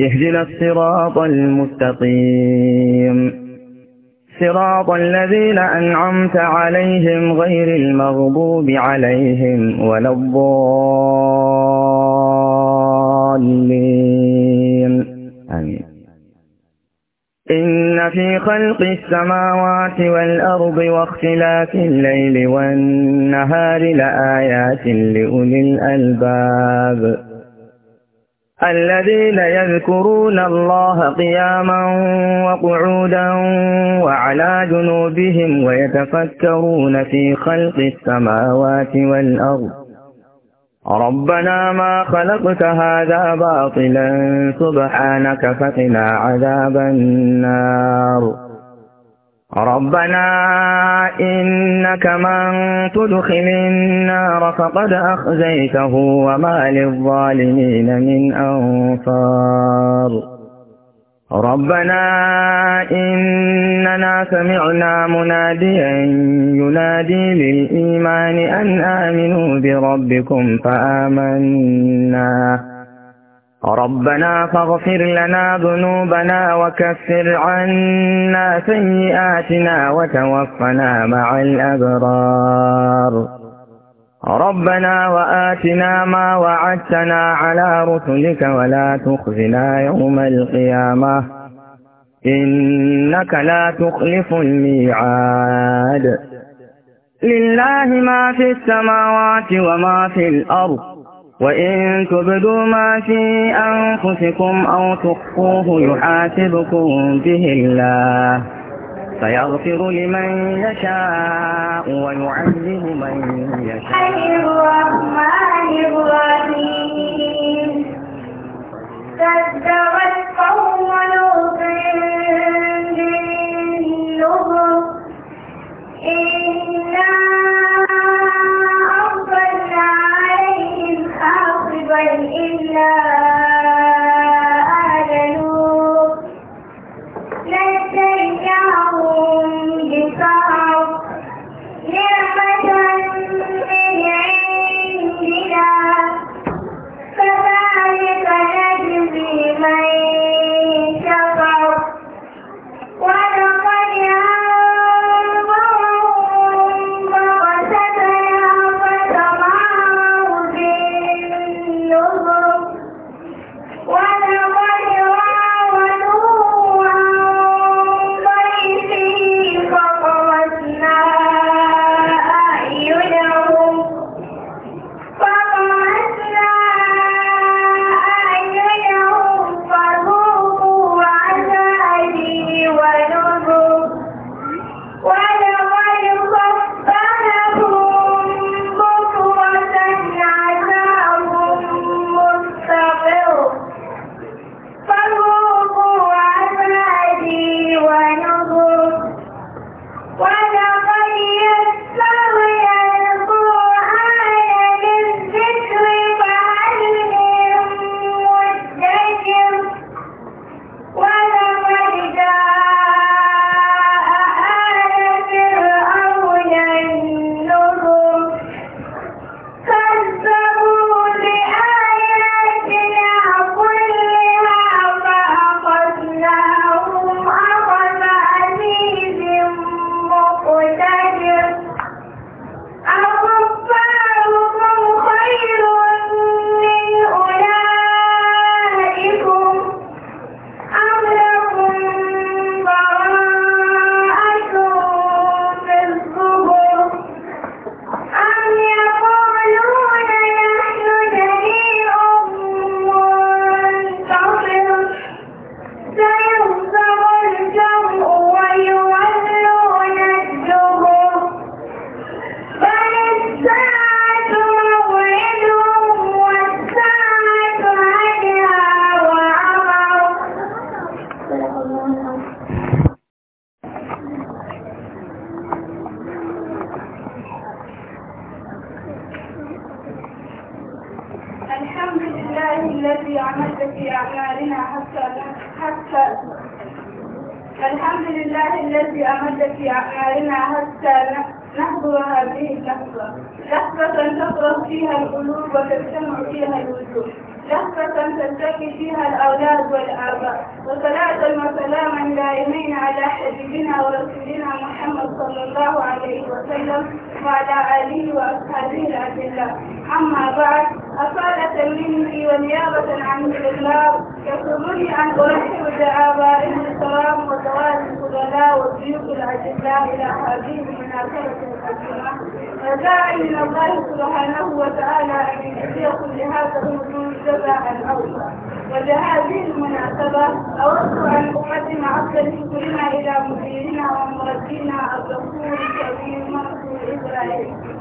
اهدنا الصراط المستقيم صراط الذين أنعمت عليهم غير المغضوب عليهم ولا الضالين آمين إن في خلق السماوات والأرض واختلاف الليل والنهار لآيات لأولي الألباب الذين يذكرون الله قياما وقعودا وعلى جنوبهم ويتفكرون في خلق السماوات والأرض ربنا ما خلقت هذا باطلا سبحانك فقنا عذاب النار ربنا إنك من تدخل النار فقد أخزيته وما للظالمين من أنصار ربنا إننا سمعنا مناديا ينادي للإيمان أن آمنوا بربكم فآمنا ربنا فاغفر لنا ذنوبنا وكفر عنا سيئاتنا وتوفنا مع الأبرار ربنا وآتنا ما وعدتنا على رسلك ولا تخزنا يوم القيامة إنك لا تخلف الميعاد لله ما في السماوات وما في الأرض وإن تبدوا ما في أنفسكم أو تخفوه يحاسبكم به الله فيغفر لمن يشاء ويعذب من يشاء الرحمن الرحيم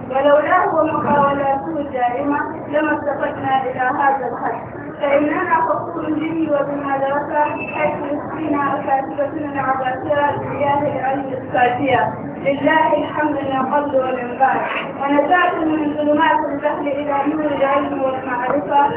ولولاه مقاولاته الدائمة لما استفدنا إلى هذا الحد فإننا فخور به وبما درسه حيث نسقينا أساتذتنا العباسية بمياه العلم الصافية لله الحمد من قبل ومن بعد ونجاة من ظلمات الجهل إلى نور العلم والمعرفة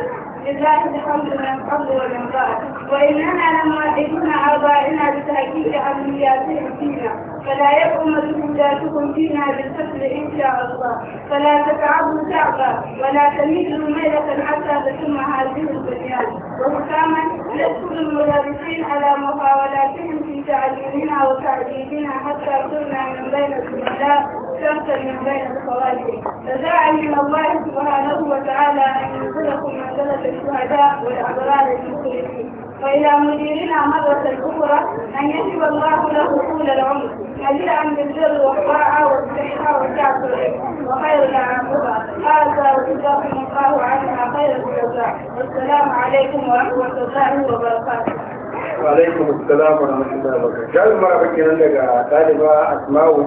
وإننا لما إن آبائنا بتأكيد عملياتهم فينا فلا يقوم بحجاتكم فينا بالقتل إن شاء الله فلا تتعبوا شعبا ولا تميلوا ميلة حتى تتم هذه البنيان وحكاما نشكر المدرسين على محاولاتهم في تعليمنا وتعديدنا حتى صرنا من بين الزملاء الشمس من بين الصلاتين فداعي الى الله سبحانه وتعالى ان ينزلكم منزله الشهداء والاعذران المسلمين والى مديرنا مره اخرى ان يجب الله له طول العمر مليئا بالبر والطاعه والصحه والتعب وخير الاعمال هذا وجزاكم الله عنها خير الجزاء والسلام عليكم ورحمه الله وبركاته وعليكم السلام ورحمة الله وبركاته. barakatuh kalmar bakin daga ɗaliba asma'u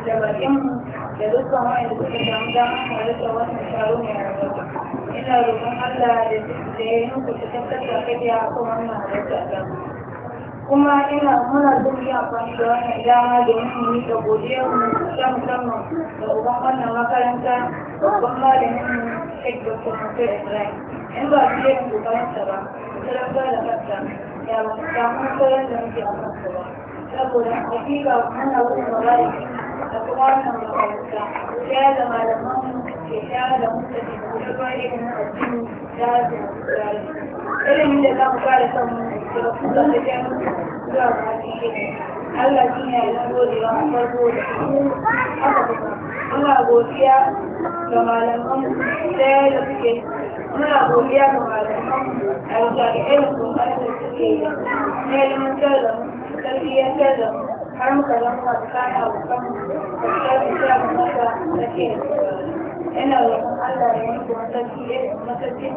suka wannan ina da ya yi muku ta tattata kariya a kan kuma ina muna son yi amfani da wannan dama domin mu yi godiyar mu ta musamman da uban wannan makaranta babban malamin mu da Dr. Musa Ibrahim in ba su yi kokarinsa ba talaka da kanta ya ba su koyar da muke a kansa ba saboda hakika ana wurin أقوانا وقوتا رجالا ولمهم رجالا مستجدون وإن الدين لازم إلهم لله قال ثم رسول الله كان الذين يقول ويقول أنا أبوكيا كما لم أمن لا يبكي أنا أبوكيا كما لم أمن أبوكيا كما لم أمن علم كذا تربية كذا har muka zama da ke ina roƙon Allah ya yi a cikin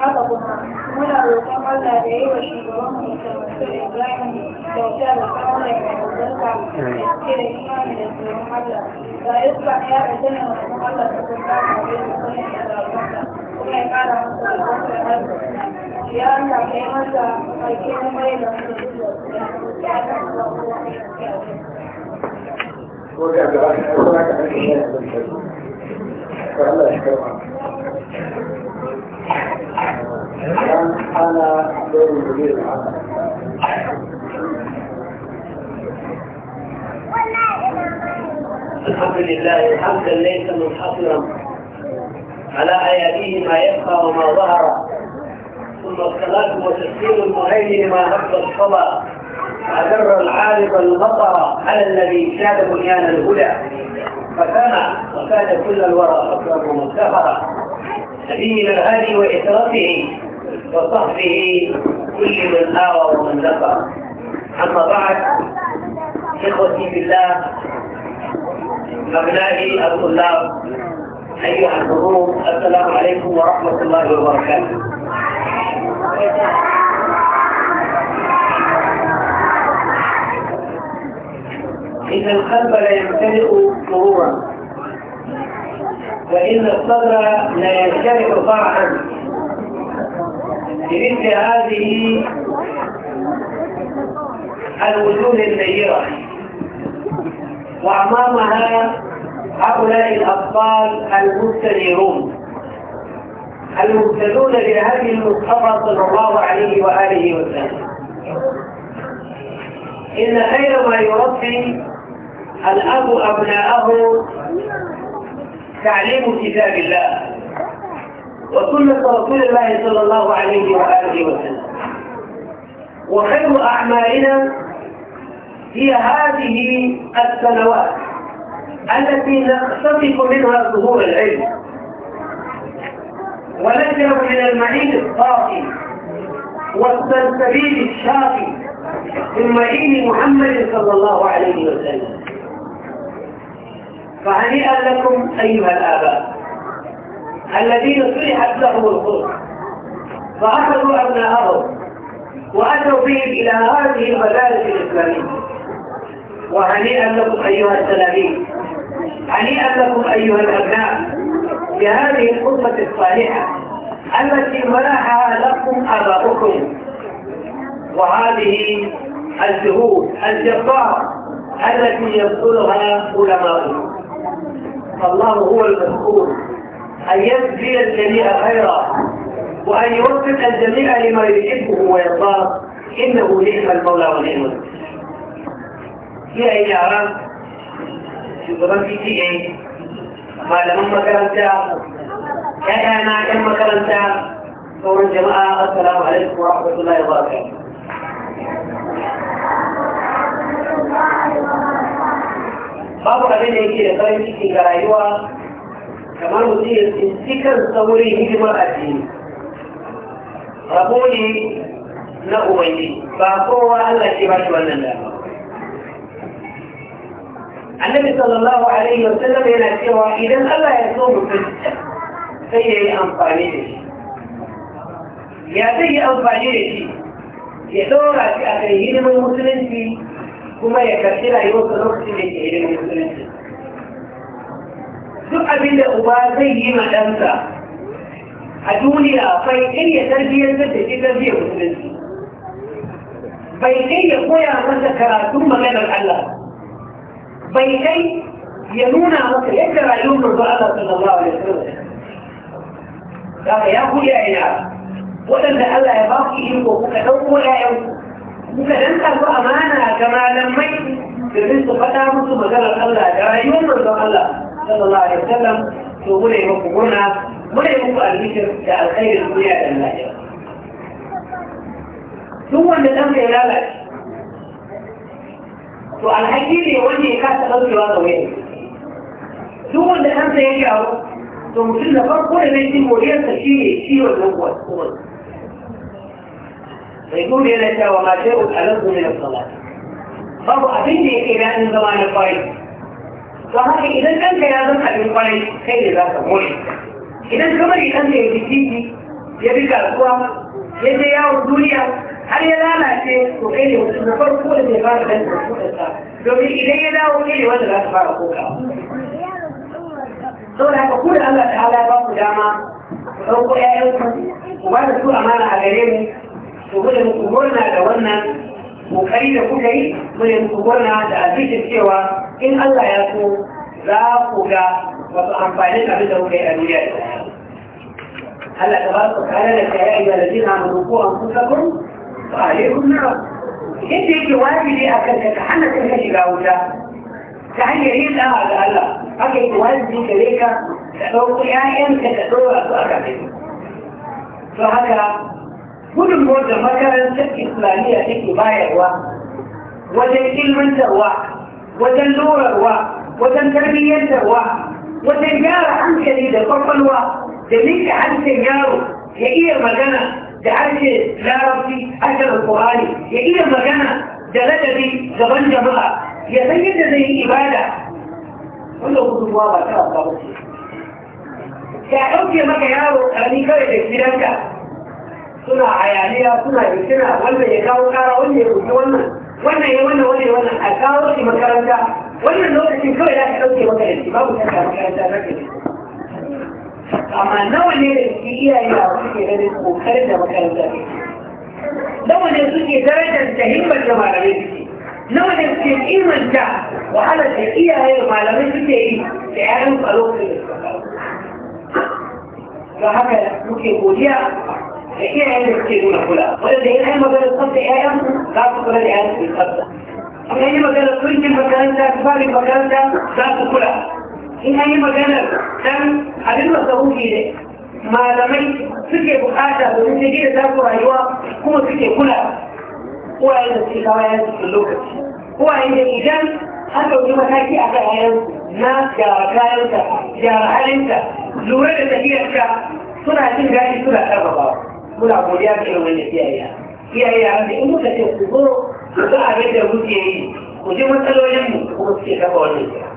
haka kuma Allah yi wa shugaban mu da Ibrahim da kawai da albarka da ke da da tsoron Allah ga ya Allah kuma kuma ya ya same masa bakin mai da أنا دور مدير العمل. الحمد لله حمدا ليس منحصرا على أياديه ما يبقى وما ظهر والصلاة وتسليم المهيمن ما هب الصبا أدر العارض المطر على الذي شاد بنيان الهدى فكان وكان كل الورى فكره مفتخرا سبيل الهادي وإسرته وصحبه كل من آوى ومن ذكر أما بعد إخوتي في الله أبنائي الطلاب أيها الحضور السلام عليكم ورحمة الله وبركاته إن القلب لا يمتلئ مرورا وإن الصدر لا يمتلئ فرحا بمثل هذه الوجود النيرة وأمامها هؤلاء الأطفال المستنيرون المبتدون لهدي المصطفى صلى الله عليه وآله وسلم إن خير ما يربي الأب أبناءه تعليم كتاب الله وسنة رسول الله صلى الله عليه وآله وسلم وخير أعمالنا هي هذه السنوات التي نقتطف منها ظهور العلم ولجأوا إلى المعين الصافي والسلسبيل الشاقي من معين محمد صلى الله عليه وسلم فهنيئا لكم أيها الآباء الذين صلحت لهم الخلق فأخذوا أبناءهم وأتوا بهم إلى هذه المدارس الإسلامية وهنيئا لكم أيها التلاميذ هنيئا لكم أيها الأبناء بهذه الخطبة الصالحة التي منحها لكم آباؤكم وهذه الجهود الجبارة التي يبذلها علماؤكم فالله هو المسؤول أن يجزي الجميع خيرا وأن يوفق الجميع لما يحبه ويرضاه إنه نعم المولى ونعم الوكيل. في أي أعراف؟ في malaman makaranta ƴaƴa na ƴan makaranta sauran jama'a assalamu alaikum wa rahmatullahi wa barakatuh babu abin da yake da farin ciki ga rayuwa kamar mutum ya tsinci kan saurin hidimar addini rabo ne na ubangi ba kowa Allah ke ba shi wannan dama النبي صلى الله عليه وسلم ينكره اذا الا يصوم في سيء انفعاليتي يا سيء انفعاليتي يدور في اخرين من المسلمين في كما يكثر يوصل اختي من المسلمين سوء بلا ابازيه ما دمت الدنيا في اي تربيه تتجه تربيه المسلمين بين اي قوى مثل كراتون مغنى الحلال بيتين ينونا وكل إجراء يوم الضعبة من الله وسلم قال يا أخو يا إله وإن الله يباقي إنه وكتوه يا إله وكتنك الضعمانة كما لم يكن في رسو فتا مصر مجال الله جرى يوم الضعبة صلى الله عليه وسلم يقول يا رب قلنا ولا يقول الميشر يا الخير الدنيا لله ثم أن الأمر يلالك to alhaki ne wanda ya kasa ɗaukewa da wani duk wanda kansa ya shawo to mutum da farko da zai ci moriyarsa shi ne shi wannan kuwan mai gudu yana cewa ma sai uku alazu ne da sallah babu abin da yake na in zama na kwarai to haka idan kanka ya zama abin kwarai kai ne za ka more idan kamar idan da ya fi titi ya bi kasuwa ya je yawon duniya har ya lalace to kai ne mutum na farko da zai fara ɗan kuɗinsa domin idan ya dawo kai ne wanda za ka fara koka saboda haka ku da Allah ta ala ba ku dama ku ɗauko ƴaƴanku ku ba da su amana a gare mu ku gode muku murna da wannan kokari da kuka yi gode muku murna da azikin cewa in Allah ya so za ku ga wasu amfanin abin da kuka yi a duniya da Allah ta ba su kare da kayan da jina mu ko an kusa kun وعليكم نعم انت يجي واجبي اكل تتحنك انك شجاوتا تعالي ريل اه لا لا اكل واجبي كليك تحوقي ايام تتحوق اكل فهكا gudun da makarantar islamiyya take bayarwa wajen ilmantarwa wajen lorarwa wajen tarbiyyantarwa wajen gyara hankali da kwakwalwa da nika hancin yaro ya iya magana جعلت لا ربي أجل القرآن يجيب المجانة جلدتي زبان جماعة يسيد زي إبادة قلوا قلوا الله تعالى الضغط كأوكي ما كياو أغني كويت اكتنانك سنع عيانية سنع يسنع وانا يكاو كارا وانا يكوكي وانا وانا يوانا وانا يوانا أكاو في مكارنك وانا نوكي كويت اكتنانك ما بكتنانك أنت أكتنانك amma nawa ne da suke iyaye a suke ganin kokar da makaranta ne nawa ne suke darajar da himmar da malamai suke nawa ne suke kimanta wahalar da iyaye da malamai suke yi da yaran a lokacin da suka don haka muke godiya da iyayen da suke nuna kula wadanda ya kai maganar tsafta yayan za su kula da yayan su tsafta amma yi maganar turkin makaranta su fari makaranta za su kula in an yi maganar dan abin da sahuhi ne malamai suke bukata domin ta gida taku rayuwa kuma suke kula uwayen da suke kawo yayan su lokaci uwayen da idan an ɗauki mataki a kan yayan na gyara kayanka gyara halinka lura da tafiyarka suna jin daɗi suna sarrafawa muna godiya ga irin wanda iyaye iyaye a in muka ce ku zo ku ga abin da muke yi ku ji matsalolinmu kuma suke kafa wannan kira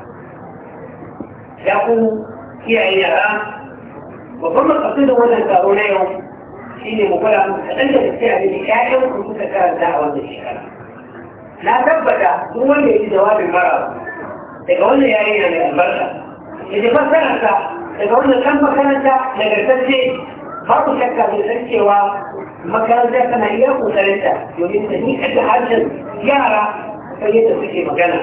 يقوم كيعيها وثم القصيدة ولا يسارون يوم شيني مبالا مستقلة بالسعر لكائر وكنت كان دعوة الشكرة لا تبدأ هو اللي يجي جواب المرض تقول لي يا إيه البرشا إذا فسرت تقول لي كم مكانت نجرتك babu shakka mai san cewa makarantar tana iya kokarinta domin ta ni da harshen yara kan yadda suke magana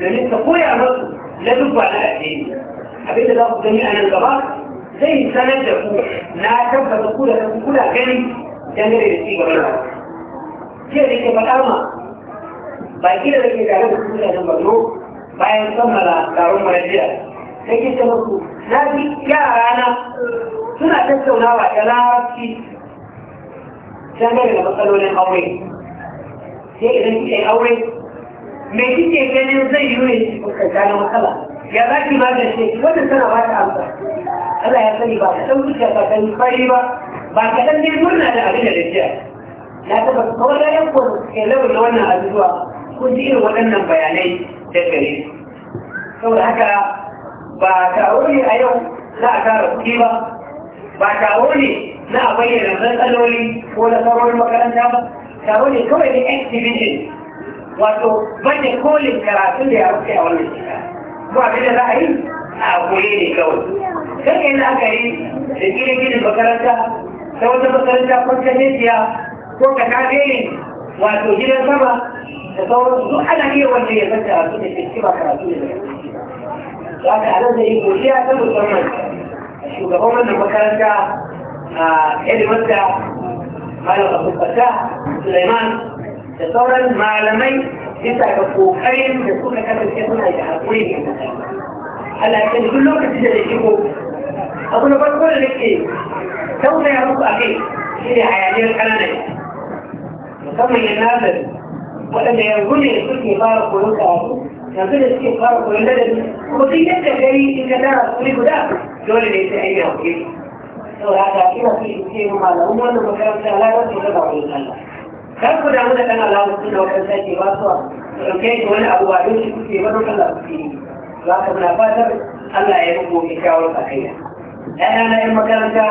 domin ta koya musu na dubba na addini abinda za ku gani a nan gaba zai sanar da ku na tabbata ku da ku kula gani dangane da ci gaba da jiya da ke faɗa ma baki da rage tare da ku nan Borno bayan kammala taron manajiya sai ke ce muku na ji yara na suna tattaunawa da larabci dangane da matsalolin aure sai idan kike aure me kike ganin zai yi ne kuka gane matsala ya za ki magance wannan tana ba ta amsa Allah ya sani ba ka san zuciya ba ka yi fari ba ba ka dan dai murna da abin da lafiya na taba kawai ya ko ke labar da wannan abubuwa kun ji irin waɗannan bayanai da gare saboda haka ba taro ne a yau za a tara kuɗi ba ba taro ne na a bayyana matsaloli ko na sauran makaranta ba taro ne kawai da exhibition wato bane kolin karatu da ya rufe a wannan shekara ko abin da za a yi a koye ne kawai kan yi la'akari da gine-gine makaranta ta wata makaranta kwanta hejiya ko ka kare wato gidan sama da sauransu duk ana iya wanda ya zanta a cikin cikin karatu ne za ka halar da yi godiya ta musamman shugaban wannan makaranta a ilimanta malam abu fata suleiman da sauran malamai bisa ga kokarin da suka kasance suna da haƙuri ne Allah ya duk lokaci da da shigo abu na farko da nake tausaya muku a kai shi ne hayaniyar ƙananan musamman ya nazar waɗanda yanzu ne suke fara koyon karatu yanzu da suke fara koyon ladabi kuma duk yadda gari in ka tara wuri guda dole ne sai an yi haƙuri saboda haka ina so in ce malamin wannan makaranta rayuwar su ta ba wani Allah kar ku damu da kan alamu suna wajen sai ba su ɗauke shi wani abu ba don shi kuke ba don Allah kuke yi za ka muna fatar Allah ya yi muku kyakkyawar sakayya ɗaya na yan makaranta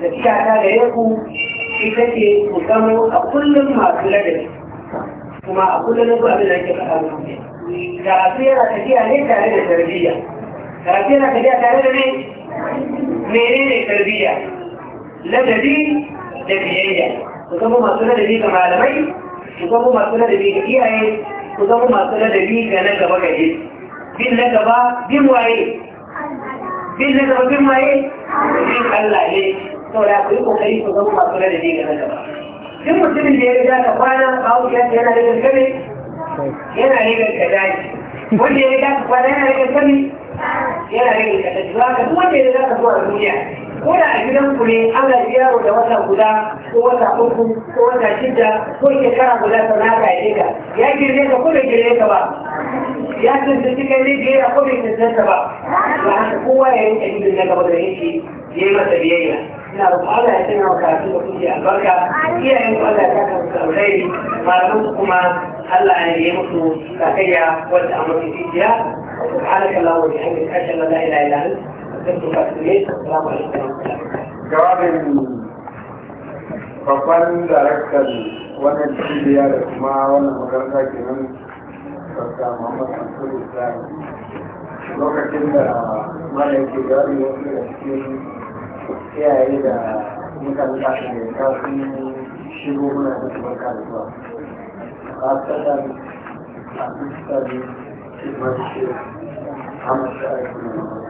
da shata da yanku ita ce ku zamo a kullum masu ladabi kuma a kullum ku abin da ake faɗa muku karatu yana tafiya ne tare da tarbiyya karatu yana tafiya tare da ne menene tarbiyya ladabi da biyayya ku zama masu ladabi ga malamai ku zama masu ladabi ga iyaye ku zama masu ladabi ga na gaba gaje bin na gaba bin waye bin na gaba bin waye bin Allah ne da ku yi kokari ku zama masu ladabi ga na gaba duk mutumin da ya riga ka kwana bawo ya ce yana da kame, yana rigar da gaskane wanda ya riga ka kwana yana da kame, yana rigar ka za ka duk wanda ya riga ka zuwa duniya ko da a gidan ku ne ana yaro da wata guda ko wata uku ko wata shida ko shekara guda ta na ka yi ka ya girme ka ko bai girme ka ba ya tuntunci kai ne biyayya ko bai tuntunta ba ba haka kowa ya yi ɗari da gaba da yake ya yi masa biyayya ina da Allah ya tana karatu da kuke albarka iyayen ku Allah ya saka musu alkhairi malaman ku kuma Allah ya yi musu sakayya wanda a mafi jiya سبحانك اللهم وبحمدك اشهد ان لا اله الا انت jawabin babban ne wannan cibiya da kuma wannan makaranta ke nan sarka muhammad mansur islam lokacin da mara yake jawabi wasu da cikin iyaye da mutane da su ne ta sun shigo muna da su barka da zuwa a tsadar a tsadar da ma shi a masu aiki na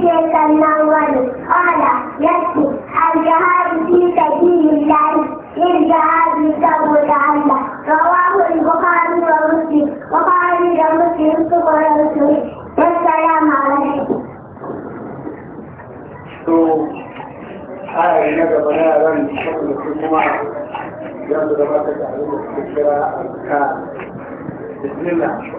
الشيخ النووي قال يكفي الجهاد في سبيل الله للجهاد لتبرد الله رواه البخاري ومسلم وخارج مسلم صغر مسلم والسلام عليكم. هاي نجد نارا شغل الجمعة ينظر ما تتعلمه في الشراء بسم الله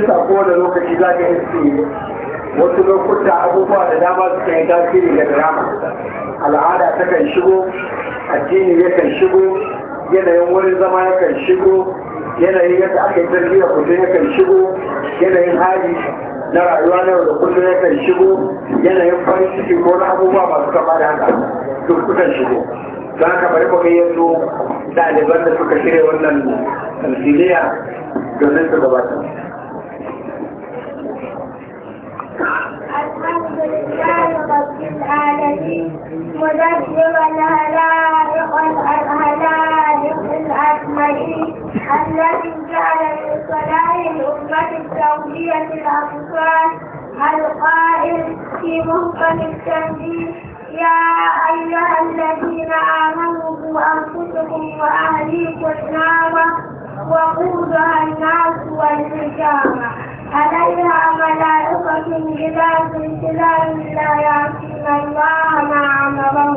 yasa kowane lokaci za ka yi wasu lokuta abubuwa da dama suka yi tasiri da drama al'ada ta kan shigo addini ya kan shigo yanayin wurin zama ya kan shigo yanayin yadda aka yi tarbiyya kudu ya kan shigo yanayin hali na rayuwa na da kullum ya kan shigo yanayin farin ciki ko na abubuwa masu kama da haka duk kan shigo don haka bari mu yanzu ɗaliban da suka shirya wannan tamsiliya domin su gabatar الحمد لله رب العالمين مدبر الهلائق الهلائق الأكملين الذي جعل من الأمة التوحية الأنصار القائل في محكم التنزيل يا أيها الذين آمنوا أنفسكم وأهليكم نارا وقودها الناس والحجامة عليها ملائكة غلاظ شداد لا يعصون الله ما أمرهم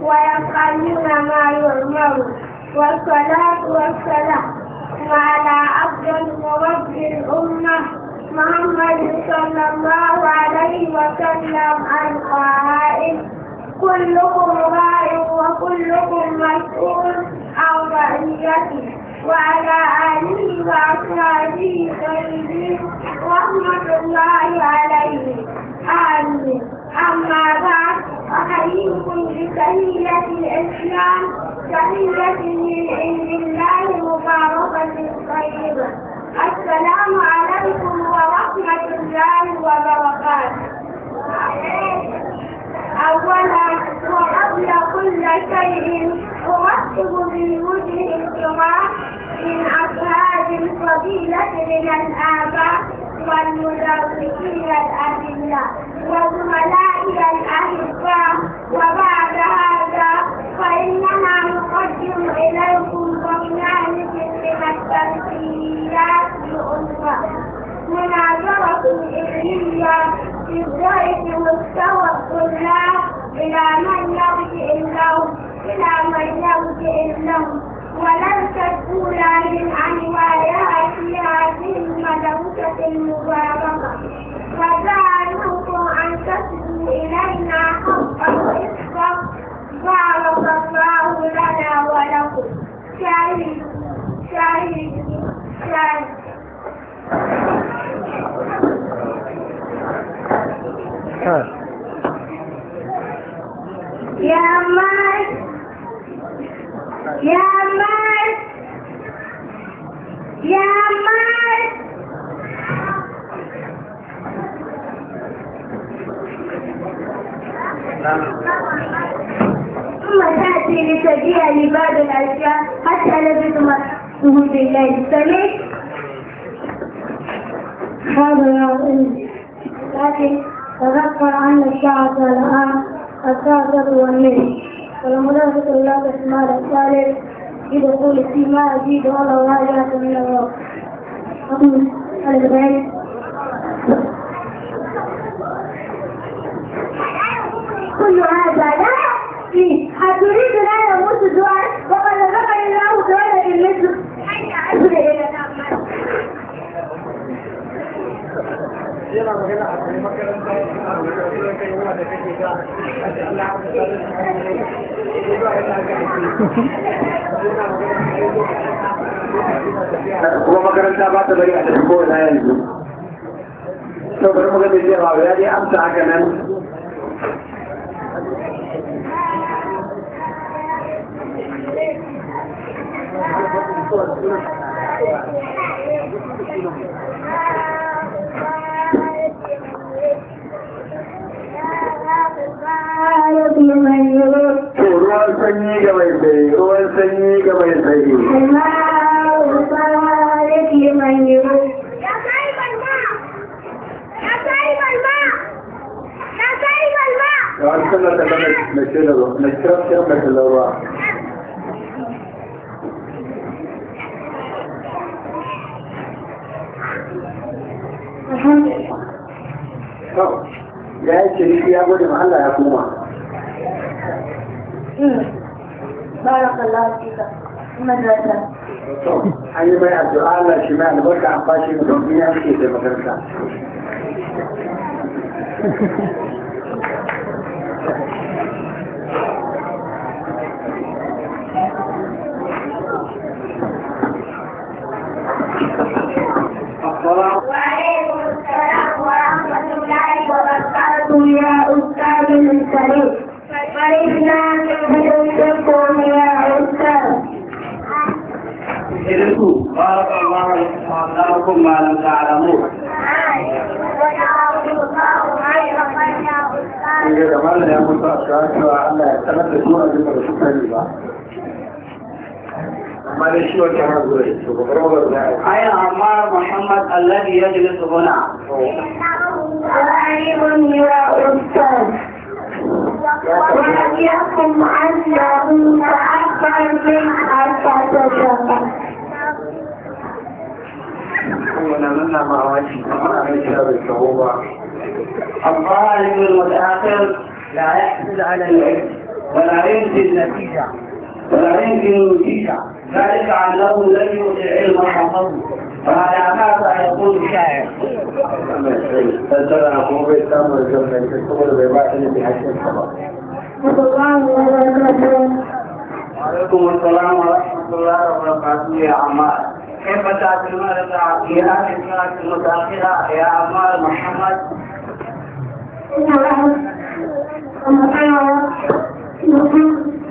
ويفعلون ما يؤمرون والصلاة والسلام على أفضل مرب الأمة محمد صلى الله عليه وسلم القائل كلكم راع وكلكم مسؤول عن رعيته وعلى آله وأصحابه خيره رحمة الله عليه آمين أما بعد أحييكم بتحية الإسلام تحية من عند الله مباركة طيبة السلام عليكم ورحمة الله وبركاته أولا وقبل كل شيء أرتب بالوجه الكرام من أفراد الفضيلة من الآباء والمدرسين الأدلة وزملائي الأحباء وبعد هذا فإننا نقدم إليكم برنامج من التمثيليات الأخرى مناظرة علمية في الدرس مستوى الطلاب إلى من يرجع لهم إلى من يرجع لهم ولن تكون عن روايات هذه المدرسة المباركة ها يا مار يا مار يا مار ثم تأتي لتبيعني لبعض الأشياء حتى لبث مرته بالليل سمعت؟ هذا يا أمي لكن تذكر أن الساعة الآن التاسع والنصف والمنافق لا تشمال الثالث بدخول السماء أزيد ولا واجهة من الوقت أقول البيت كل هذا لا فيه تريد أن يموت دعاء وقد ذكر الله تعالى في المسجد حيث أسرع إلى yana magana a kan makaranta a kan kai yana da kake da Allah ya tsare shi ne ba ya da kake ake a kuma makaranta ba ta bari a tafi ko yanzu to bari mu ga me ya dai amsa haka nan Thank you. ruwan sanyi ga ruwan sanyi ga mai Oh. ya ce ciniki ya gode ma Allah ya koma. An yi mai addu'a shi mai albarka an fashe mutum ya ke da makaranta. من طريق وإنا بنوفقكم يا أستاذ إذنكم بارك الله لكم ما لم تعلمون Ini da mana ya mutu a cewa Allah ya sanar da su a jika da suka yi ba. Amma da shi wata na zuwa ya ce, gobe rawar da ya Ayan amma Muhammad Allah ya jini su gona. Wa'ayi mun yi wa Ustaz. وليكن أنه فأكثر من أسد شفا الظالم المتأخر لا يحصل على العلم ولا ينسي النتيجة ذلك عنه لم يطع علم حفظه ما يقول الشاعر. وعليكم السلام ورحمة الله وبركاته يا عمار كيف تعتمد على هذه السنة المتأخرة يا عمار محمد؟ Thank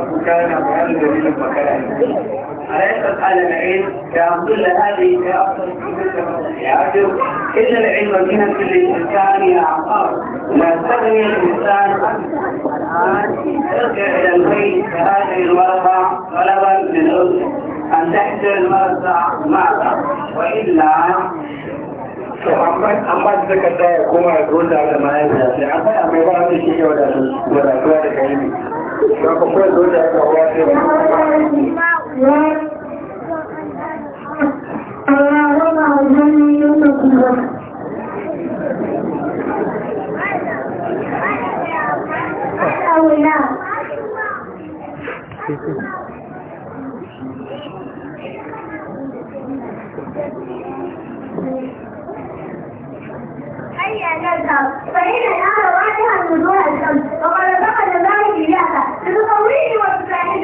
وكان مؤلم من مكانه أليس الآن العلم كأقول هذه كأفضل إلا العلم زينة للإنسان يا عقاب لا تغني الإنسان الآن ارجع إلى البيت كهذه الورقة طلبا من الأسر أن تحجر الورقة معك وإلا to amma da ka tsaya koma ya kota da mahaifiyarsa akwai abubuwa da shi ke wadatuwa da kai ne nó không quên đối với cậu em kia أي أن الذهب فإن الأهل واجها من وجوه الشمس وقال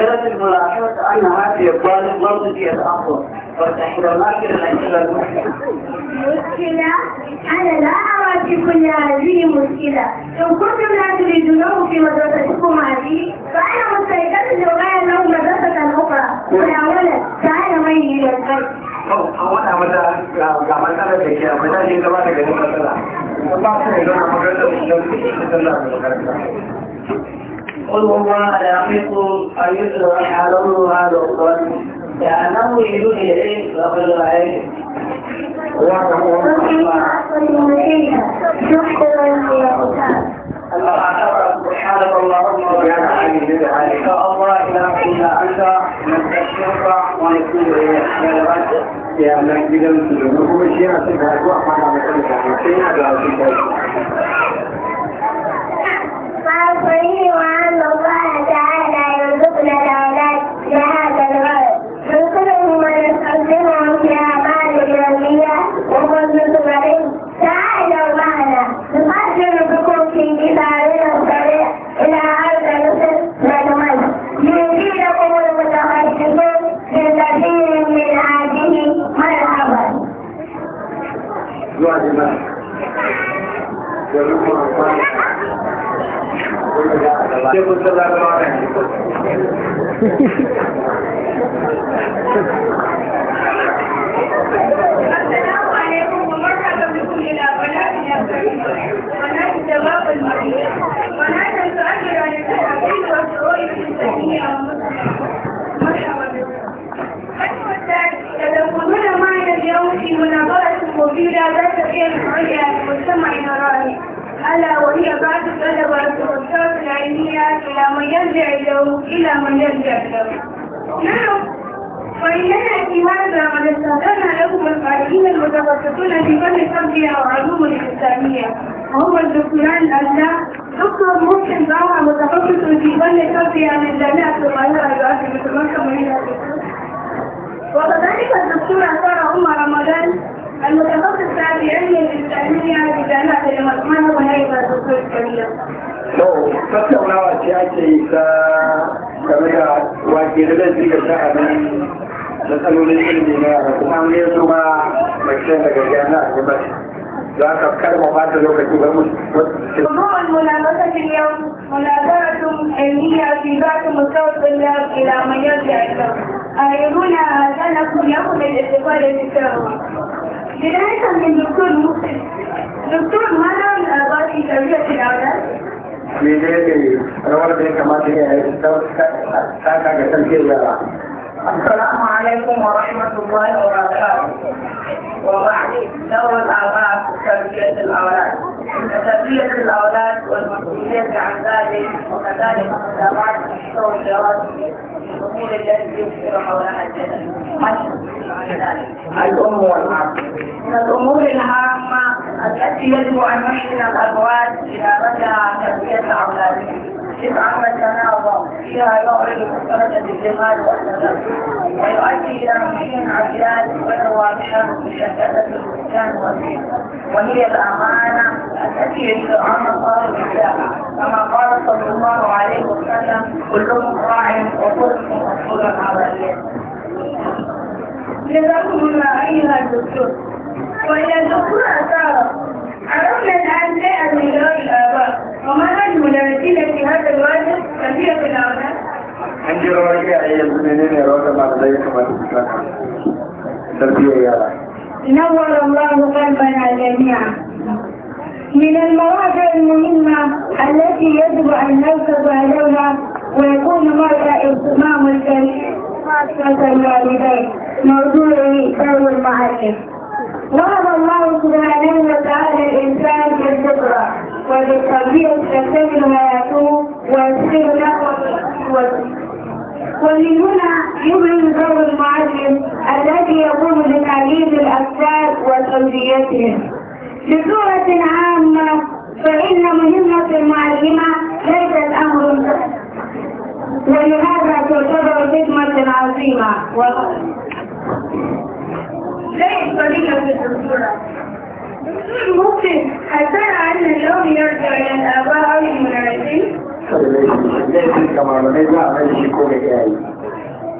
جرت الملاحظة أن هذه الضالة منطقية الأفضل والتحرمات الأسئلة المشكلة مشكلة؟ أنا لا أرى في كل هذه مشكلة لو كنتم لا تريدونه في مدرستكم هذه فأنا مستيقظة لأغير له مدرسة أخرى والأولى تعال معي إلى البيت a wata mata ga matsalar da ke amma ta shi gaba da gani matsala ba su ne zama magana da mutum da su قل هو لاحق فيصلح لونها لغرا كانه يلوح اليه فقد رايت الله أكبر سبحانك اللهم وبحمدك الله إله إلا أنت نستغفرك ونتوب إليك يا من بدم سلوكه شيئا سبحانك وأحمد على كل شيء 我要回去玩，老爸。مسلمان ہیں نعم وإننا في هذا قد استخدمنا لكم القائلين المتخصصون في فن التربية وعلوم الإنسانية وهو الدكتوران الأسلاء دكتور محسن ضاوع متخصص في فن التربية من جامعة القاهرة يؤدي متمكن من وكذلك الدكتورة سارة أم رمضان المتخصصة في علم الإنسانية بجامعة العثمان وهيئة الدكتور الكبيرة. To, tattaunawa ce game da wake da zai da sha'anin matsalolin ilimi na yara kuma an yi zuma mai shan daga yana a yi bashi za ka karma bata lokaci ba mu موضوع المناقشة اليوم مناظرة علمية في بعض مستوى الطلاب إلى من يرجع اليوم أيضون أذانكم لكم الاستفادة بالتعاون بداية من دكتور مخلص دكتور ماذا من أغاثي تربية الأولاد؟ menene rawar da ya kamata ya yi ta kaga sarki yara السلام عليكم ورحمة الله وبركاته وبعد دور الآباء في تربية الأولاد تربية الأولاد والمسؤولية عن ذلك وكذلك متابعة الشغل الدراسي الأمور التي يكثر حولها الجدل الأم والأب من الأمور الهامة التي يجب أن نحسن الأبواب إلى رجع تربية أولادهم ويؤدي إلى مشين عجلات ويواجهه مشتتة الإنسان والدين وهي الأمانة التي يشرعها صاحب بالله كما قال صلى الله عليه وسلم كلهم راع وكلكم مسؤول عن اليد جزاكم أيها الدكتور وإلى الدكتور أثاره عرفنا الآن شيئا من غير وما نجم في هذا الواجب الأعمال عندي أي المؤمنين يرون ما تربية يا نور الله قلبنا جميعا من المواضع المهمة التي يجب أن نركز عليها ويكون معك اهتمام الكريم خاصة الوالدين موضوع دور المعلم وهب الله سبحانه وتعالى الإنسان بالفطرة وبالطبيعة تكتمل يكون ويسير له ومن هنا يبعد دور المعلم الذي يقوم بتعليم الأطفال وتربيتهم بصورة عامة فإن مهمة المعلمة ليست أمر ولهذا تعتبر خدمة عظيمة ازاي الطريقة في الدكتورة ممكن هل عن اللون يرجع الى الاباء او المدرسين؟ ليس كما لم يعمل شيء كوميدي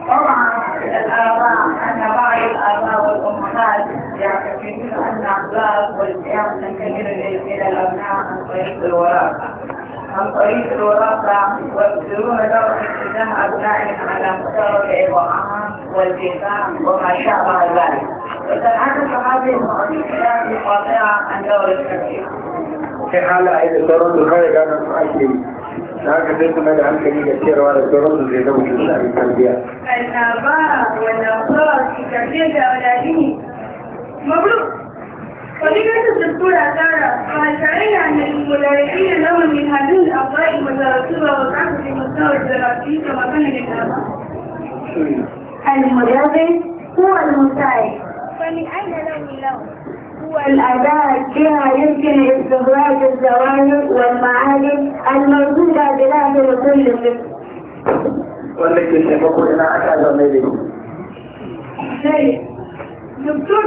طبعا الاباء انا راعي الاباء والامهات يعتقدون ان الاباء والابناء كبير الى الابناء عن طريق الوراثه عن طريق الوراثة ويبذلون درجة اتجاه أبنائهم على مستوى الإضاءة والدفاع وما شابه ذلك. وتتحدث هذه المؤسسات القاطعة عن دور التنفيذ. في حالة إذا ترون الخارج أنا مؤكد هناك بيكم هذا عن كلمة كثيرة وعلى الدروس اللي دوت الشعب التربية. الآباء والأطفال في تربية أولادهم مبروك. ولكن الدكتورة سارة المدرب المدرس هو المساعد فمن أين اللون؟ الأداة فيها يمكن استخراج الزوائد والمعالم الموجودة داخل كل فكر. والذي سيكون دكتور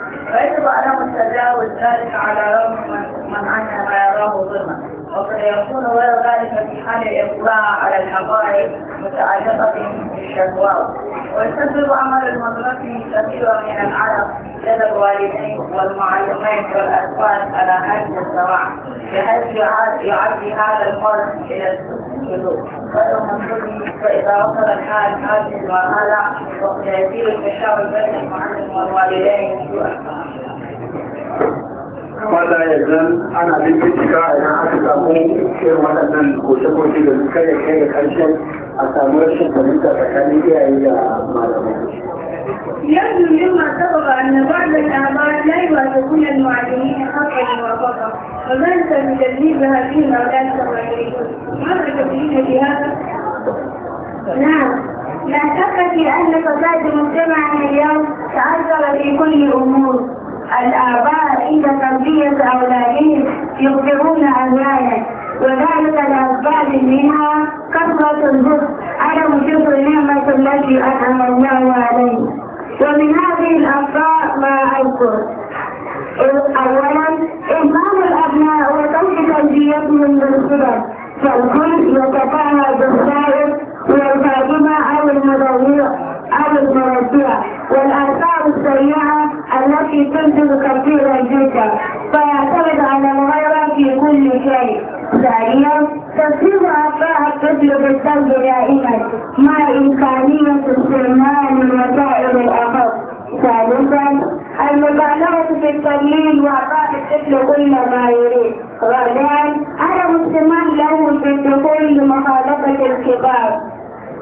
فيجب أن نتجاوز ذلك على رغم من عنها ما يراه ظلما وقد يكون غير ذلك في حال الإطلاع على الحقائق متعلقة بالشهوات ويسبب عمل المدرسة كثيرا من العرق لدى الوالدين والمعلمين والأطفال على حد الزراع بحيث يعدي هذا الفرد إلى السلوك فإذا وصل الحال هذه المرحلة وقد يزيل التشابه بين المعلم والوالدين سوء wanda ya zan ana bincika idan aka samu irin waɗannan koce-koce da suka ya kai da ƙarshen a samu rashin fahimta tsakanin iyaye da malamai. يبدو مما سبق أن بعض الآباء لا يوافقون المعلمين حقا الموافقة وذلك بتدريب هذه المواد الصغيرين ماذا تقولين بهذا؟ نعم لا شك في أن فساد مجتمعنا اليوم تعذر في كل أمور الآباء عند تربية أولادهم يخبرون عن ذلك وذلك لأسباب منها كثرة البر عدم شكر النعمة التي أنعم الله عليه ومن هذه الأخطاء ما أذكر أولا إهمال الأبناء وتوحيد تربيتهم بالصدق فالكل يتفاعل يطلب الصبر دائما مع إمكانية استعمال وسائل الأخف ثالثا المبالغة في التمليل وإعطاء الطفل كل ما يريد رابعا عدم السماح له بالدخول لمخالفة الكبار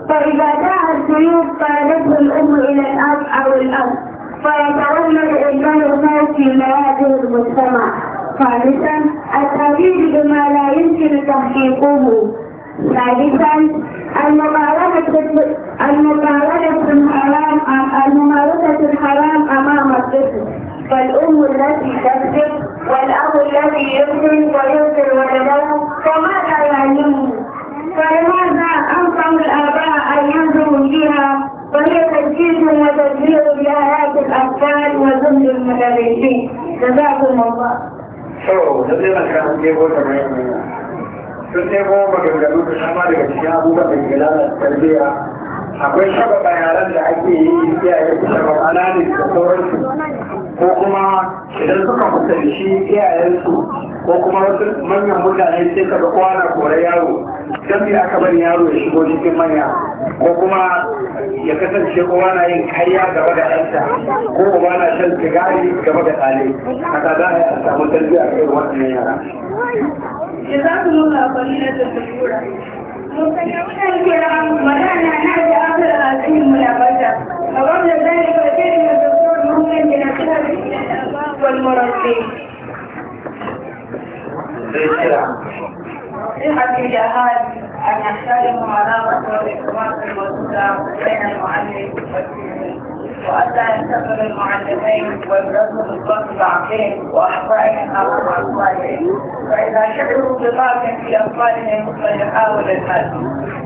فإذا دعا الضيوف قالته الأم إلى الأب أو الأب فيتولد إنسان صوت في هذه المجتمع خامسا التعبير بما لا يمكن تحقيقه ثالثا الممارسة الممارسة الحرام الممارسة الحرام أمام الطفل فالأم التي تكذب والأب الذي يكذب ويكذب ولده فماذا يعلمه؟ فلماذا أنصح الآباء أن ينظروا بها وهي تجديد وتدبير لآيات الأطفال وذل المدرسين جزاكم الله. sun nemo maganganu da shama daga cikin abubuwan da ke lalata tarbiyya akwai shaba bayanan da ake yi iyaye su shaba ƙananin da sauransu ko kuma idan suka da kusanci iyayensu ko kuma wasu manyan mutane sai ka ga kwana kore yaro don bi aka bari yaro ya shigo cikin manya ko kuma ya kasance kowa na yin karya gaba da ɗansa ko uba na shan sigari gaba da ɗale haka za a samu tarbiyya kai waɗannan yara. Jazakumullah khairan kura. magana na da akwai al'adun mulabata. A wannan zai ga kai da doktor Muhammad bin Abdul da wal Murabbi. صحة الجهاد أن يحترموا علاقة الإخوان الموجودة بين المعلم والمسلمين وألا ينتقل المعلمين ويبرزوا بالفضل العقيم وأحبائهم أو أطفالهم فإذا شعروا بضعف في أطفالهم فليحاولوا الحل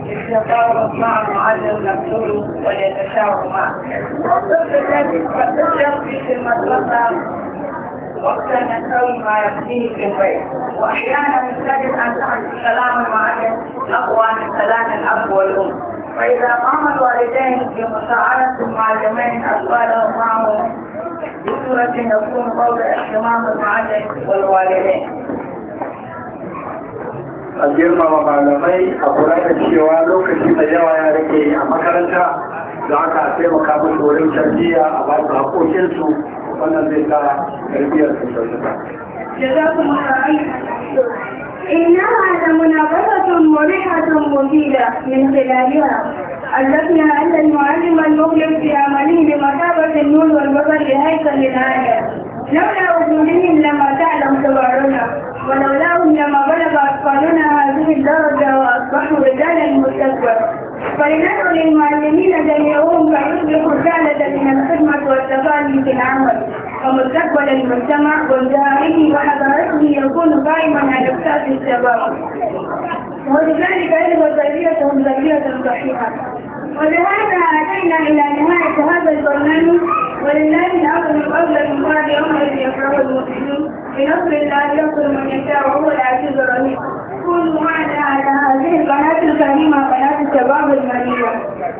يتفاوض مع المعلم نفسه وليتشاور معه والطفل الذي قد في المدرسة وقتاً نسوي ما يبديه في البيت وأحيانا تجد أن تحدث سلام واحد الأخوان من سلام الأب والأم فإذا قام الوالدين بمساعدة المعلمين أطفالهم معهم بصورة يكون موضع اهتمام المعلم والوالدين a malamai a kula cewa lokaci da yawa ya rage a makaranta da aka taimaka musu wurin tarbiyya a ba su haƙoƙinsu wannan zai kara إنها لمناقشة مريحة مفيدة من خلالها ألفنا أن المعلم المخلص في عمله بمثابة النور والبصر لهيكل الآية لولا وجودهم لما تعلم صغارنا ولولاهم لما بلغ أطفالنا هذه الدرجة وأصبحوا رجالا مستكبرا فلنذر للمعلمين جميعهم فيصبحوا سعادة من الخدمة والتفاني في العمل ومستقبل المجتمع وانتهائه وحضارته يكون قائما على اكتاف الشباب ولذلك يجب تربيتهم تربية صحيحة ولهذا أتينا إلى نهاية هذا البرنامج ولله الأمر من قبل المقابل يوم يفرح المؤمنون بنصر الله ينصر من يشاء وهو العزيز الرحيم كونوا معنا على هذه القناة الكريمة قناة الشباب المدينة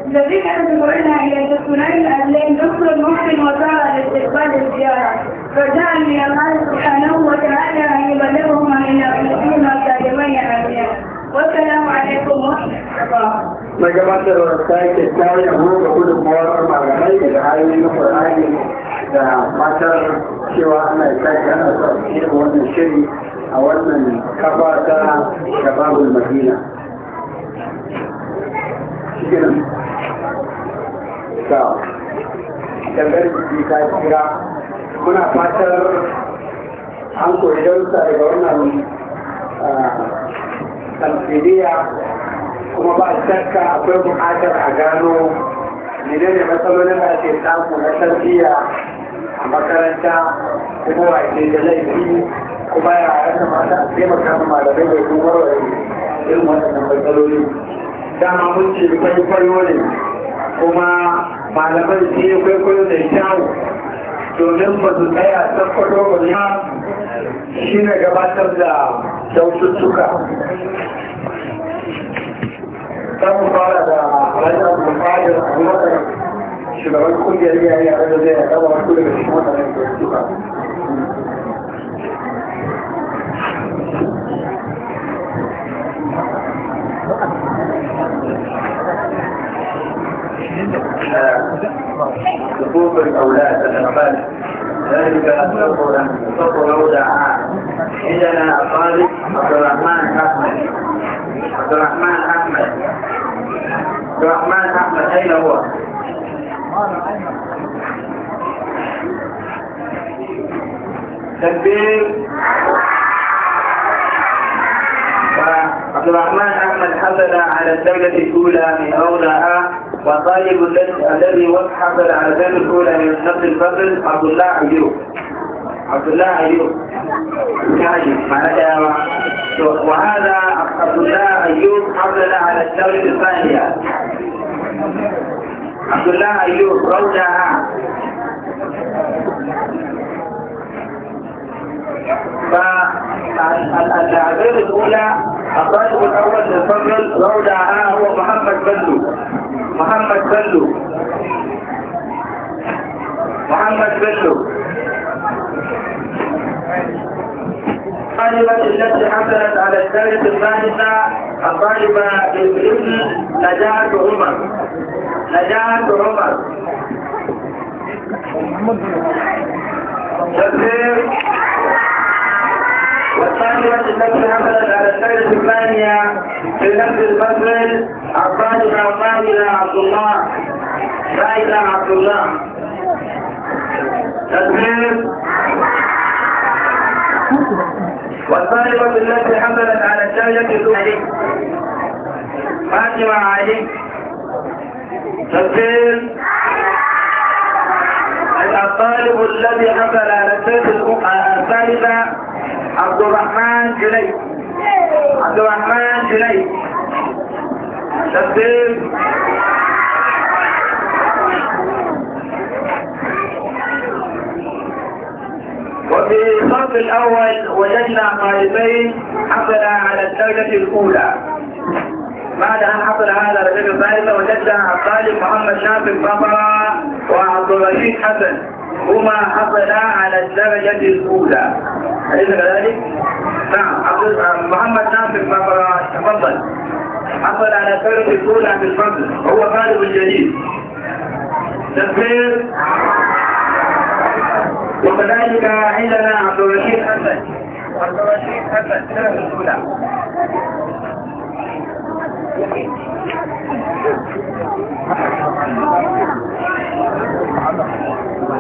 الذين تدعونا إلى تسكنات الأهلين نصر محسن وسارة لاستقبال الزيارة رجاء من الله سبحانه وتعالى أن يبلغهما إلى قلوبهما سالمين آمين والسلام عليكم ورحمة الله na gabatar da sake kyawun roƙa gudunmawar malamai da hanyoyin Qur'ani da matar cewa ana sake ana sa wannan shiri a wannan kafa ta shababul madina shirin ga dangar jiki kira muna fatar an koyi darussa daga wannan tamfiliya kuma ba shakka akwai buƙatar a gano menene matsalolin da ake samu na tarbiyya a makaranta kuma wa ke da laifi kuma ya rasa mata a taimaka ma malamai da kuma warware irin waɗannan matsaloli dama mun ce kwaikwayo ne kuma malamai su yi kwaikwayo da kyawu domin ba su tsaya tabbato ba ne shi ne gabatar da kyaututtuka Zan fara da rajar bukatar abubakar shugaban kungiyar iyaye a rajar zai ya kama wasu daga cikin waɗannan kyaututtuka خطوط الأولاد الأعمال ذلك أصدقنا أصدقنا دعاء عندنا طالب عبد الرحمن أحمد عبد الرحمن أحمد عبد الرحمن أحمد أين هو؟ تكبير عبد الرحمن أحمد حصل على الدولة الأولى من أولى وطالب الذي حصل على الدولة الأولى من نفس الفصل عبد الله أيوب عبد الله أيوب معناتها وهذا عبد الله أيوب حصل على الدولة الثانية عبد الله أيوب روضها فالتعبير الأولى الطالب الأول للفضل رودع هو محمد بلو محمد بلو محمد بلو الطالبة التي حصلت على الثالثة الثالثة الطالبة للابن نجاة عمر نجاة عمر شكرا الثانية التي حصلت على السنة الثانية في نفس الفصل الصادقة القائلة عبد الله سائدة عبد الله تسليم والطالبة التي حصلت على الدرجة الأولى فاطمة علي تسليم الطالب الذي حصل على الثالثة عبد الرحمن جنيد عبد الرحمن جنيد تسليم وفي الصف الأول وجدنا طالبين حصل على الدرجة الأولى بعد أن حصل هذا الرجل الثالثة وجدنا الطالب محمد نافذ بابا وعبد الرشيد حسن هما حصلا على الدرجة الأولى نعم آه، محمد نافذ ما تفضل حصل على فرق الأولى في هو غالب الجديد تكبير وكذلك عندنا عبد الرشيد حسن عبد الرشيد حسن فرق الأولى Thank you.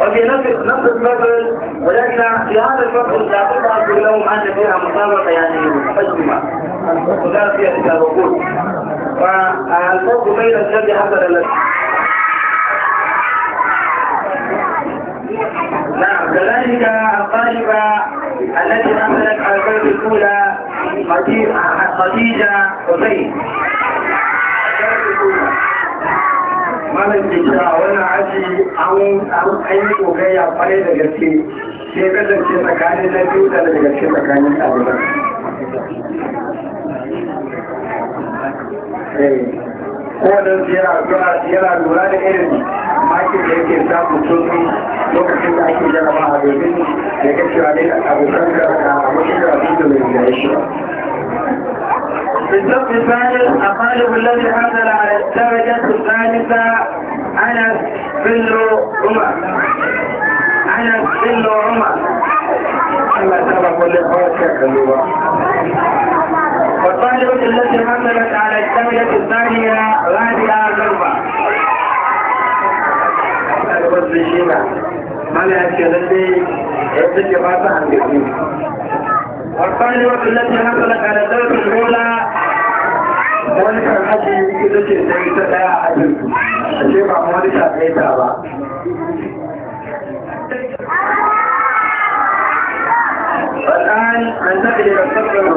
وفي نفس الفصل ولكن في هذا الفصل لا تظهر لهم ان فيها مسابقه يعني مقدمة وكان فيها الا وقود فالفرق بين الذي حصل لك نعم كذلك الطالبة التي حصلت على الفرق الأولى خديجة حسين malam jikta wannan aji an yi gogayya kwarai da gaske sai kasance tsakanin na biyu da daga gaske tsakanin ɗaliban. Eh, Kowannen yana lura da irin makin da yake samu sosai lokacin da ake jarabawa domin da ga cewa ne abokan da abokan da su da mai shi. بالضبط الثالث الطالب الذي حصل على الدرجة الثالثة أنس بن عمر أنس بن عمر كما سبق للإخوة والطالبة التي حصلت على الدرجة الثانية رابعة غربة أنا بس بشيبة ما لها كذا يبدو لي ما فهم والفجوة التي حصلت على الدرس الأولى wani farmaci ita أن sai ta daya a jirgin a ce ba mu wani shafe ta ba الآن ننتقل إلى التقرير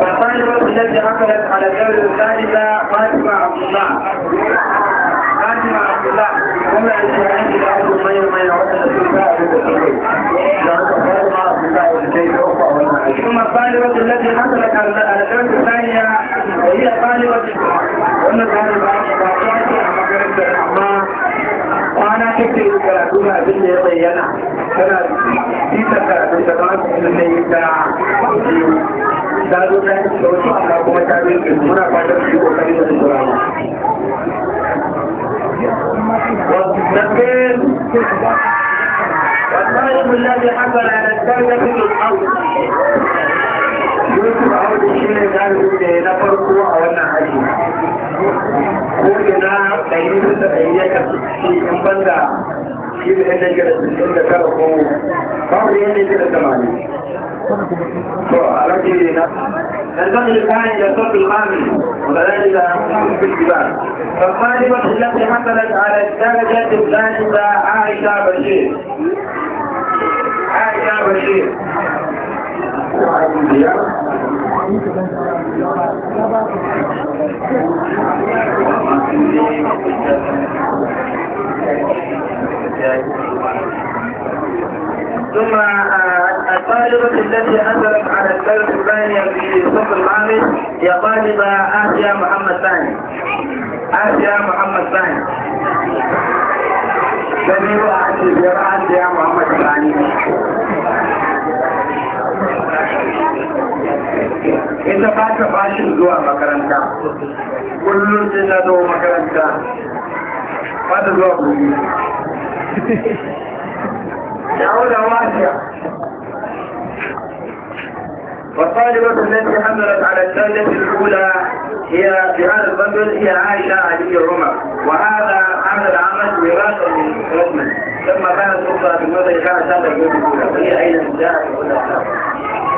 والطالبة التي عملت على الدولة الثالثة فاطمة عبد الله فاطمة عبد الله هم التي عملت إلى أول ما يوم يعود الطالبة التي حصلت على الدرجة الثانية وهي طالبة وأنا طالبة وأعطيتي على مكانة الحمام وأنا كنت أقول أبن يطينا أنا في سكة أنا من النيدة Dado na yin sauki a kuma tabi muna fatan su kokari da su rama. Wasu والطالب الذي حصل على الدرجة في mutu a wajen shi ne galibi ne na farko a wannan haji ko ina ɗari bisa ɗari ya kasu shi in banda shi da yadda ya da cikin da kara ko babu yadda ya da samani to alaƙi ne na نلتقي الآن إلى الصف الخامس وكذلك إلى في الجبال فالطالبة التي حصلت على الدرجة الثالثة عائشة بشير عائشة بشير ثم آه، الطالبة التي أثرت على الدرس الثاني في الصف الخامس هي طالبة آسيا محمد ثاني آسيا محمد ثاني جميل آسيا محمد ثاني إذا ba فاشل bashin zuwa makaranta kullum sai ta zo makaranta ba ta zuwa kullum والطالبة التي حملت على الدرجة الأولى هي في هذا البندل هي عائشة علي عمر وهذا هذا العمل وراثة من رجل لما كانت أخرى في المدرسة كانت هذا البندل الأولى وهي أيضا جاءت الأولى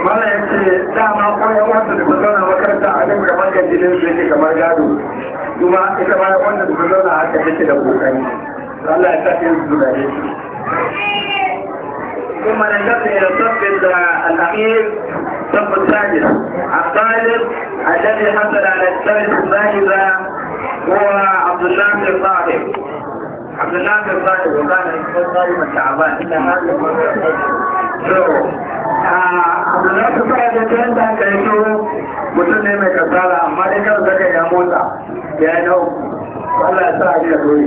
mana ya ce dama kwanan wata da zauna makaranta a nan kamar kan jinin su yake kamar gado kuma ita ma wanda da zauna haka take da kokari Allah ya sa ta yi su da ثم ننتقل الى الصف الاخير الصف السادس الطالب الذي حصل على الثالث الباهظه هو عبد الله الطاهر عبد الله بن صالح وكان يقول صالح شعبان ان هذا آه، عبد الله بن صالح da ta yadda aka yi tsoro mutum ne mai kasala amma dai kan zaka ya motsa ya yi nau Allah ya sa a jiya dole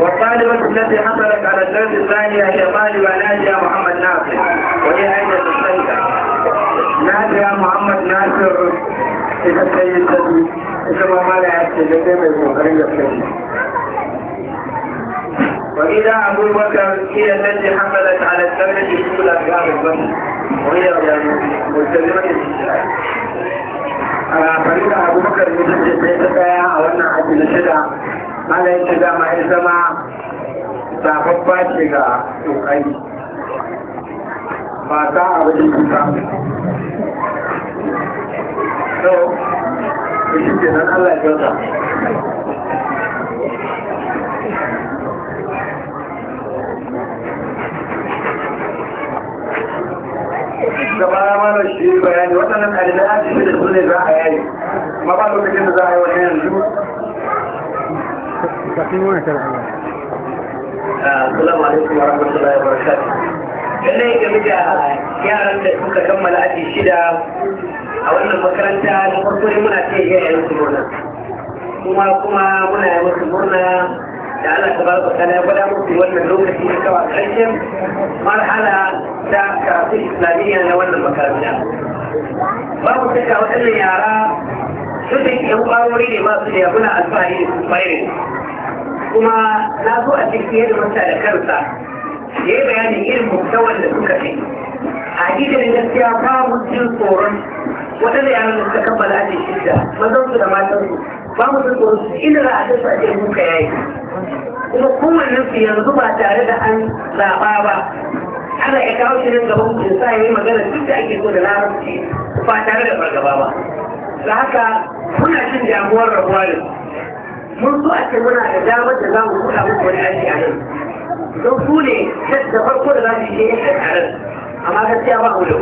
والطالبة التي حصلت على الدرس الثاني هي طالبة ناجية محمد ناصر وهي أيضا السيدة ناجية محمد ناصر إذا سيدتي إذا ما لا يحكي لدي من المغرب وإذا أبو بكر هي التي حملت على الدم دخول أبيار الظن وهي ملتزمة بالشرع أبو بكر من أن تتبع أو أن أجل لشدة ما لا يتبع ما يسمع تفبا شيئا تقعي mata abin kusa so shi ke nan da baya mana shi bayani waɗannan ɗalibai an ce da su ne za a yayi kuma ba lokacin da za a yi wani yanzu Assalamu alaikum wa rahmatullahi wa barakatuh. Lallai game da yaran da suka kammala aji shida a wannan makaranta na farko muna ce yayan su murna. Kuma kuma muna yi musu murna da Allah ta baraka ta ya gwada muku wannan lokaci na kawa ƙarshen marhala ta karatu islamiyya na wannan makaranta babu kaka waɗannan yara su da yan ƙwarori ne masu da yabuna alfahari da su fairin kuma na zo a cikin yadda manta da kansa ya yi bayanin irin muktawan da suka fi a gidan gaskiya babu jin tsoron waɗanda yaran da suka kammala ajin shida mazansu da matansu babu jin tsoron su inda za a jasa a ce muka yayi kuma kowannen su yanzu ba tare da an zaɓa ba ana ya kawo shi nan gaban mutum sa yi magana duk da ake so da larabci ba tare da fargaba ba da haka muna jin damuwar rabuwa da mun so a ce muna da damar da za mu kula muku wani aiki a nan don su ne da farko da za su yi yin tare amma gaskiya ba mu da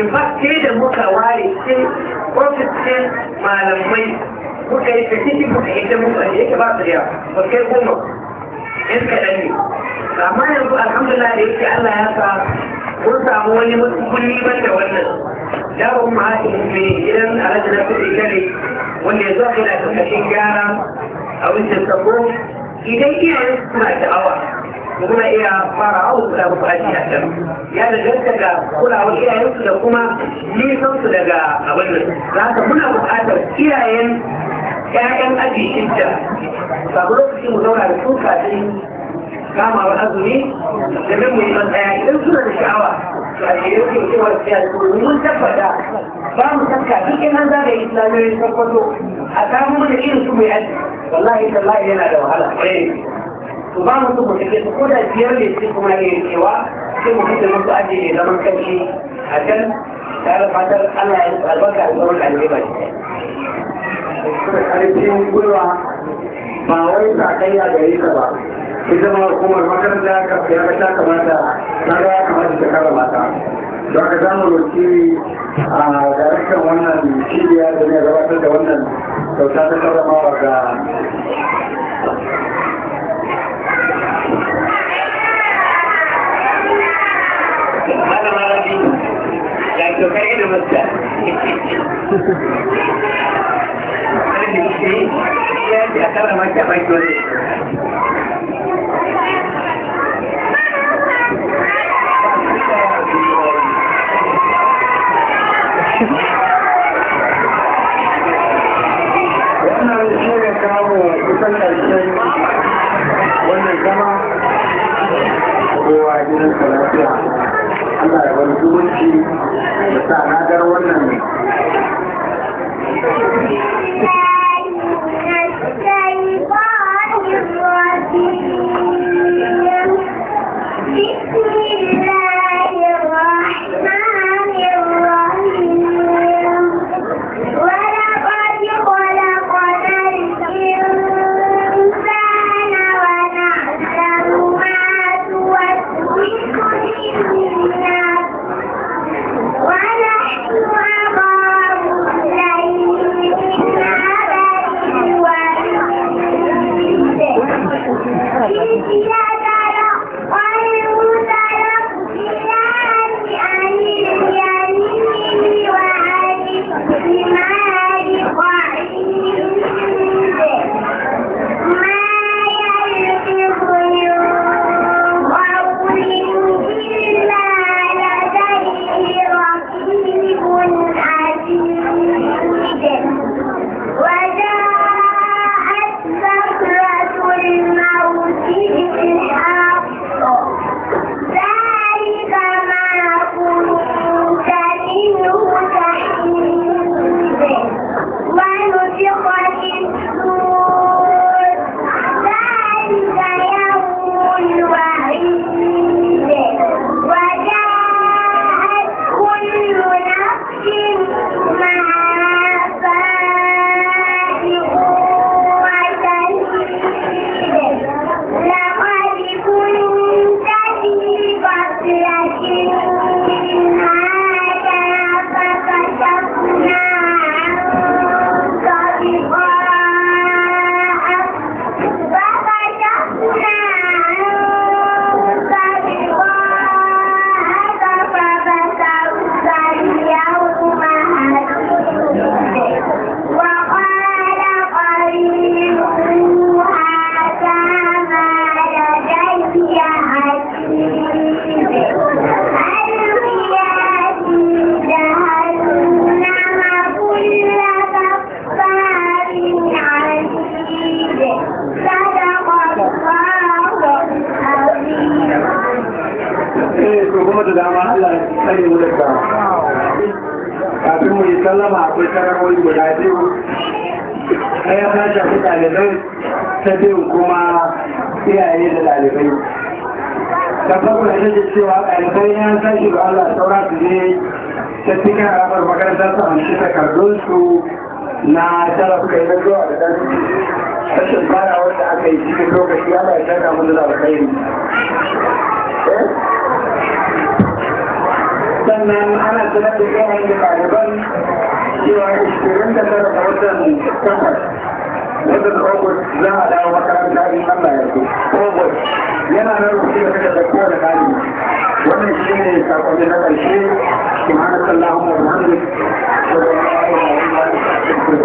in fact sai da muka ware cikin ofis malamai porque el específico es mundo, es que va a pelear, porque es bueno, es que ahí. Amma yanzu alhamdulillah da yake Allah ya sa mun samu wani mutum ban da wannan. Yawon ma'aikin mai gidan alhaji na kuɗi kare wanda ya zafi na ƙarƙashin gyara a wajen sabo idan iyayen suna sha'awa muna iya fara awon su da muku aji a can ya danganta ga kulawar iyayensu da kuma nisansu daga abin nan za ka muna buƙatar iyayen ƴaƴan aji shidda babu lokaci mu zauna da su kafin kamawar azumi da nan mu yi matsaya idan suna da sha'awa to a shirye ke cewa siya da mun tabbata ba mu tafka duk in an zaga islamiyoyin tabbato a samu mana irin su mai aji wallahi tallahi yana da wahala kwarai to ba mu so mu tafi su ko da biyar ne sai kuma ne cewa sai mu fita musu aji ne zaman kanshi a can tare fatar Allah albarka da zaman ɗalibai ba shi ƙarfin gwiwa ba wai sakayya gare ta ba ita ma hukumar makaranta ya ta kamata ta ya kamata ta kara mata don ka samu roki a daraktan wannan cibiya da ne gabatar da wannan kyauta ta karamawa ga Thank you. abin da kike yi ya ce a kara maki a wannan shi ne kawo kusan wannan zama kowa gidan lafiya Allah ya wani zumunci da sa nagar wannan ne. watan takwas za a dawo makaranta in allah ya so august yana nan rubuce da kaka da kowane ɗalibi wannan shi ne sakonni na ƙarshe subhanakallahumma wa bihamdik wa sallallahu alaihi wa sallam